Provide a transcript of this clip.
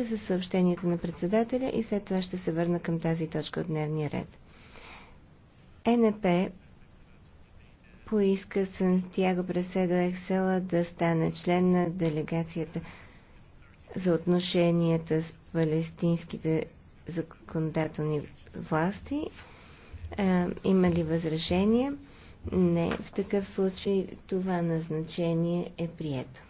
приключа с съобщенията на председателя и след това ще се върна към тази точка от дневния ред. НП поиска Сантьяго Преседо Ексела да стане член на делегацията за отношенията с палестинските законодателни власти. А, има ли възражения? Не. В такъв случай това назначение е прието.